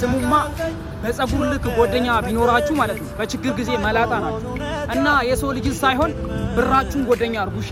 ስሙማ በጸጉር ልክ ጓደኛ ቢኖራችሁ ማለት ነው በችግር ጊዜ መላጣ ናችሁ እና የሰው ልጅን ሳይሆን ብራችሁን ጓደኛ አርጉሽ